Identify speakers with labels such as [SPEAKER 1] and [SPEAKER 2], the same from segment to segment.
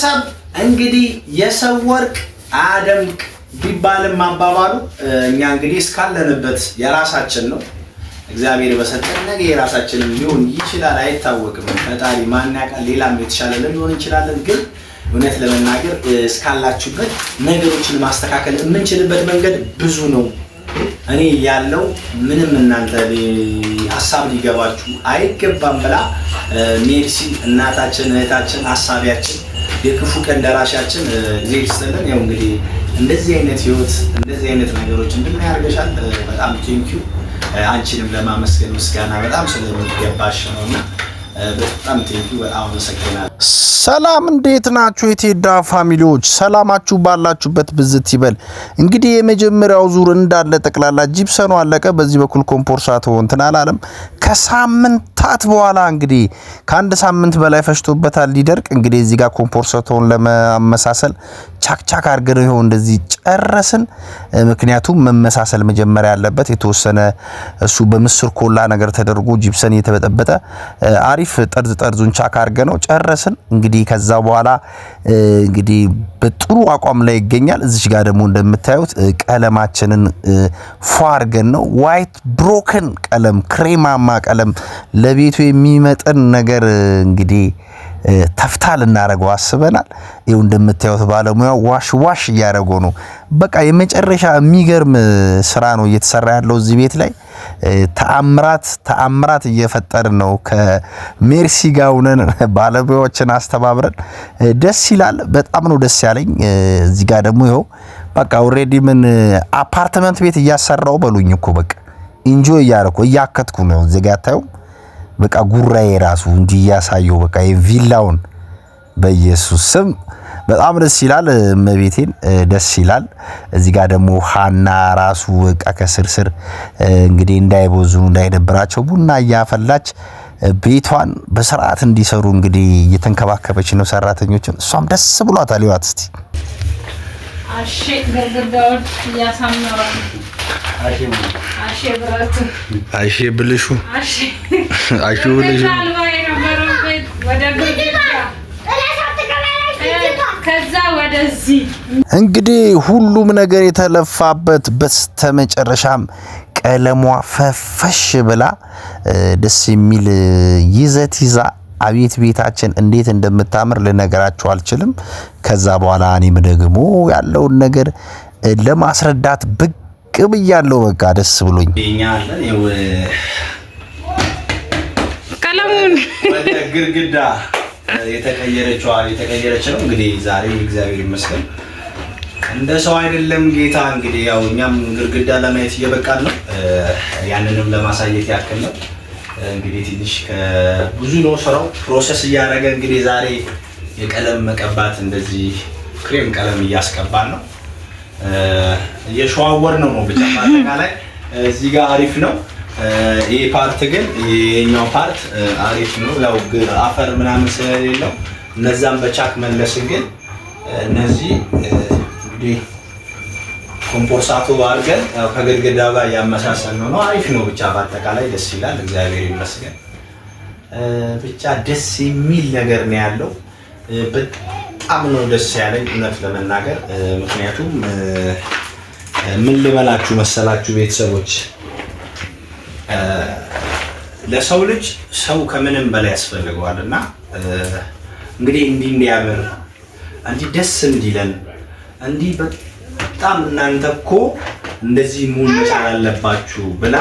[SPEAKER 1] ማህበረሰብ እንግዲህ የሰው ወርቅ አያደምቅ ቢባልም አባባሉ እኛ እንግዲህ እስካለንበት የራሳችን ነው። እግዚአብሔር በሰጠን ነገ የራሳችንም ሊሆን ይችላል፣ አይታወቅም። ፈጣሪ ማን ያውቃል? ሌላም የተሻለ ሊሆን እንችላለን። ግን እውነት ለመናገር እስካላችሁበት ነገሮችን ማስተካከል የምንችልበት መንገድ ብዙ ነው። እኔ ያለው ምንም እናንተ ሀሳብ ሊገባችሁ አይገባም ብላ ሜርሲ እናታችን እህታችን ሀሳቢያችን የክፉ ቀን ደራሻችን ጊዜ ይስጥልን። ያው እንግዲህ እንደዚህ አይነት ህይወት እንደዚህ አይነት ነገሮች እንድናያርገሻል። በጣም ቴንኪዩ። አንቺንም ለማመስገን ምስጋና በጣም ስለሚገባሽ ነው እና በጣም ቴንኪዩ። በጣም አመሰግናለሁ።
[SPEAKER 2] ሰላም እንዴት ናችሁ? የቴዳ ፋሚሊዎች ሰላማችሁ ባላችሁበት ብዝት ይበል። እንግዲህ የመጀመሪያው ዙር እንዳለ ጠቅላላ ጂፕሰኑ አለቀ። በዚህ በኩል ኮምፖርሳ ትሆንትን አላለም። ከሳምንታት በኋላ እንግዲህ ከአንድ ሳምንት በላይ ፈሽቶበታል ሊደርቅ። እንግዲህ እዚህ ጋር ኮምፖርሳ ተሆን ለመመሳሰል ቻክቻክ አድርገን ይሆን እንደዚህ ጨረስን። ምክንያቱም መመሳሰል መጀመሪያ ያለበት የተወሰነ እሱ በምስር ኮላ ነገር ተደርጎ ጂፕሰን እየተበጠበጠ አሪፍ ጠርዝ ጠርዙን ቻክ አድርገ ነው ጨረስን። ጨረስን። እንግዲህ ከዛ በኋላ እንግዲህ በጥሩ አቋም ላይ ይገኛል። እዚች ጋር ደግሞ እንደምታዩት ቀለማችንን ፏርገን ነው ዋይት ብሮከን ቀለም፣ ክሬማማ ቀለም ለቤቱ የሚመጥን ነገር እንግዲህ ተፍታ ልናደረገው አስበናል። ይኸው እንደምታዩት ባለሙያው ዋሽ ዋሽ እያደረጉ ነው። በቃ የመጨረሻ የሚገርም ስራ ነው እየተሰራ ያለው እዚህ ቤት ላይ ተአምራት ተአምራት እየፈጠር ነው። ከሜርሲ ጋር ሆነን ባለሙያዎችን አስተባብረን ደስ ይላል። በጣም ነው ደስ ያለኝ። እዚህ ጋር ደግሞ ይኸው በቃ ኦልሬዲ ምን አፓርትመንት ቤት እያሰራው በሉኝ እኮ በቃ ኢንጆይ እያደረኩ እያከትኩ ነው እዚህ ጋር በቃ ጉራዬ ራሱ እንጂ እያሳየው በቃ የቪላውን በኢየሱስ ስም በጣም ደስ ይላል። እመቤቴን ደስ ይላል። እዚህ ጋር ደግሞ ሀና ራሱ በቃ ከስርስር እንግዲህ እንዳይቦዙ እንዳይደብራቸው ቡና እያፈላች ቤቷን በስርዓት እንዲሰሩ እንግዲህ እየተንከባከበች ነው ሰራተኞችን። እሷም ደስ ብሏታል። ይዋት እስቲ
[SPEAKER 3] አሼ ብልሹ አሼ ብልሹ
[SPEAKER 2] እንግዲህ ሁሉም ነገር የተለፋበት በስተመጨረሻም ቀለሟ ፈፈሽ ብላ ደስ የሚል ይዘት ይዛ አቤት ቤታችን እንዴት እንደምታምር ልነገራችሁ አልችልም። ከዛ በኋላ እኔም ደግሞ ያለውን ነገር ለማስረዳት ብቅ ብያለሁ። በቃ ደስ ብሎኝ
[SPEAKER 4] ቀለሙን
[SPEAKER 1] ወደ ግድግዳ የተቀየረችዋ የተቀየረች ነው እንግዲህ ዛሬ እግዚአብሔር ይመስገን እንደ ሰው አይደለም ጌታ። እንግዲህ ያው እኛም ግድግዳ ለማየት እየበቃን ነው። ያንንም ለማሳየት ያክል ነው። እንግዲህ ትንሽ ብዙ ነው ስራው ፕሮሰስ እያደረገ እንግዲህ ዛሬ የቀለም መቀባት እንደዚህ ክሬም ቀለም እያስቀባን ነው። የሸዋወር ነው ነው ብቻ አጠቃላይ እዚህ ጋር አሪፍ ነው። ይህ ፓርት ግን የኛው ፓርት አሪፍ ነው። ያው አፈር ምናምን ስለሌለው እነዛም በቻክ መለስ ግን እነዚህ እንግዲህ ኮምፖርሳቱ አድርገን ከግድግዳ ጋር እያመሳሰል ነው ነው አሪፍ ነው። ብቻ በአጠቃላይ ደስ ይላል። እግዚአብሔር ይመስገን። ብቻ ደስ የሚል ነገር ነው ያለው። በጣም ነው ደስ ያለኝ እውነት ለመናገር ምክንያቱም ምን ልበላችሁ መሰላችሁ ቤተሰቦች፣ ለሰው ልጅ ሰው ከምንም በላይ ያስፈልገዋል እና እንግዲህ እንዲህ እንዲያምር እንዲህ ደስ እንዲለን እንዲህ በጣም እናንተ እኮ እንደዚህ መሆን መቻል አለባችሁ ብላ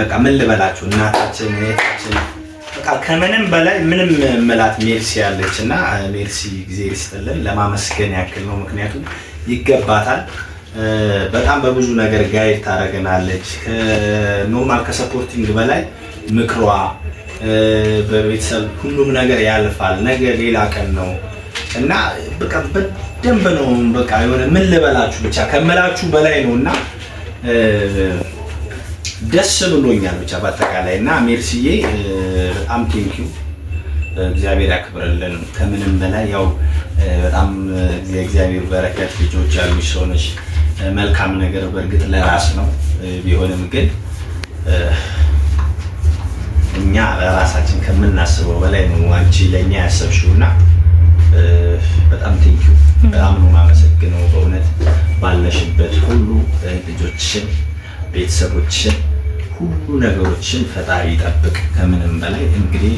[SPEAKER 1] በቃ ምን ልበላችሁ እናታችን እህታችን በቃ ከምንም በላይ ምንም ምላት ሜርሲ ያለች እና ሜርሲ ጊዜ ይስጥልን ለማመስገን ያክል ነው። ምክንያቱም ይገባታል። በጣም በብዙ ነገር ጋይድ ታደርገናለች። ኖርማል ከሰፖርቲንግ በላይ ምክሯ በቤተሰብ ሁሉም ነገር ያልፋል፣ ነገ ሌላ ቀን ነው እና በቃ በደንብ ነው በቃ የሆነ ምን ልበላችሁ ብቻ ከምላችሁ በላይ ነው እና ደስ ብሎኛል ብቻ በአጠቃላይ እና ሜርሲዬ በጣም ቴንኪዩ እግዚአብሔር ያክብርልን። ከምንም በላይ ያው በጣም የእግዚአብሔር በረከት ልጆች ያሉሽ ሰው መልካም ነገር በእርግጥ ለራስ ነው። ቢሆንም ግን እኛ ራሳችን ከምናስበው በላይ ነው አንቺ ለእኛ ያሰብሽው እና በጣም ቴንኪው በጣም ነው ማመሰግነው በእውነት ባለሽበት ሁሉ ልጆችሽን፣ ቤተሰቦችሽን፣ ሁሉ ነገሮችን ፈጣሪ ይጠብቅ። ከምንም በላይ እንግዲህ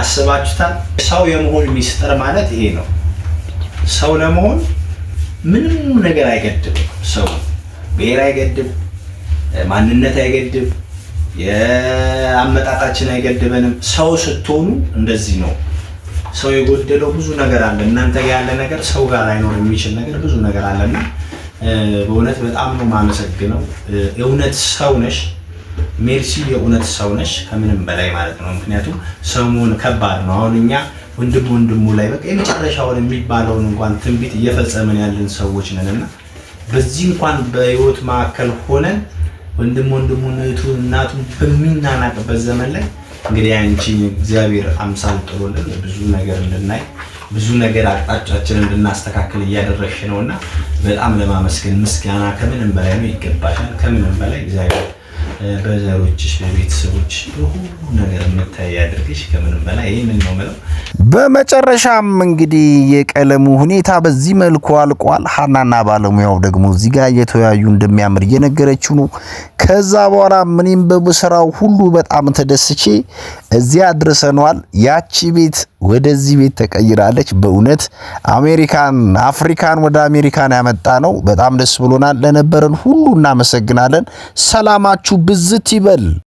[SPEAKER 1] አስባችሁታል። ሰው የመሆን ሚስጥር ማለት ይሄ ነው። ሰው ለመሆን ምንም ነገር አይገድብ። ሰው ብሔር አይገድብ፣ ማንነት አይገድብ፣ የአመጣጣችን አይገድበንም። ሰው ስትሆኑ እንደዚህ ነው። ሰው የጎደለው ብዙ ነገር አለ። እናንተ ጋር ያለ ነገር ሰው ጋር ላይኖር የሚችል ነገር ብዙ ነገር አለና በእውነት በጣም ነው የማመሰግነው። እውነት ሰው ነሽ። ሜርሲ የእውነት ሰው ነሽ ከምንም በላይ ማለት ነው። ምክንያቱም ሰሙን ከባድ ነው። አሁን እኛ ወንድም ወንድሙ ላይ በቃ የመጨረሻውን የሚባለውን እንኳን ትንቢት እየፈጸምን ያለን ሰዎች ነን እና በዚህ እንኳን በህይወት መካከል ሆነን ወንድም ወንድሙ እህቱ እናቱ በሚናናቅበት ዘመን ላይ እንግዲህ አንቺ እግዚአብሔር አምሳል ጥሎልን ብዙ ነገር እንድናይ ብዙ ነገር አቅጣጫችን እንድናስተካክል እያደረግሽ ነው እና በጣም ለማመስገን ምስጋና ከምንም በላይ ነው፣ ይገባሻል ከምንም በላይ እግዚአብሔር በዘሮችሽ በቤተሰቦች በሁሉ ነገር የምታይ አድርግሽ ከምንም በላይ ይህንን ነው የምለው።
[SPEAKER 2] በመጨረሻም እንግዲህ የቀለሙ ሁኔታ በዚህ መልኩ አልቋል። ሀናና ባለሙያው ደግሞ እዚህ ጋር እየተወያዩ እንደሚያምር እየነገረችው ነው። ከዛ በኋላ ምንም በስራው ሁሉ በጣም ተደስቼ እዚያ አድርሰነዋል። ያቺ ቤት ወደዚህ ቤት ተቀይራለች። በእውነት አሜሪካን አፍሪካን ወደ አሜሪካን ያመጣ ነው። በጣም ደስ ብሎናል። ለነበረን ሁሉ እናመሰግናለን። ሰላማችሁ ብዝት ይበል።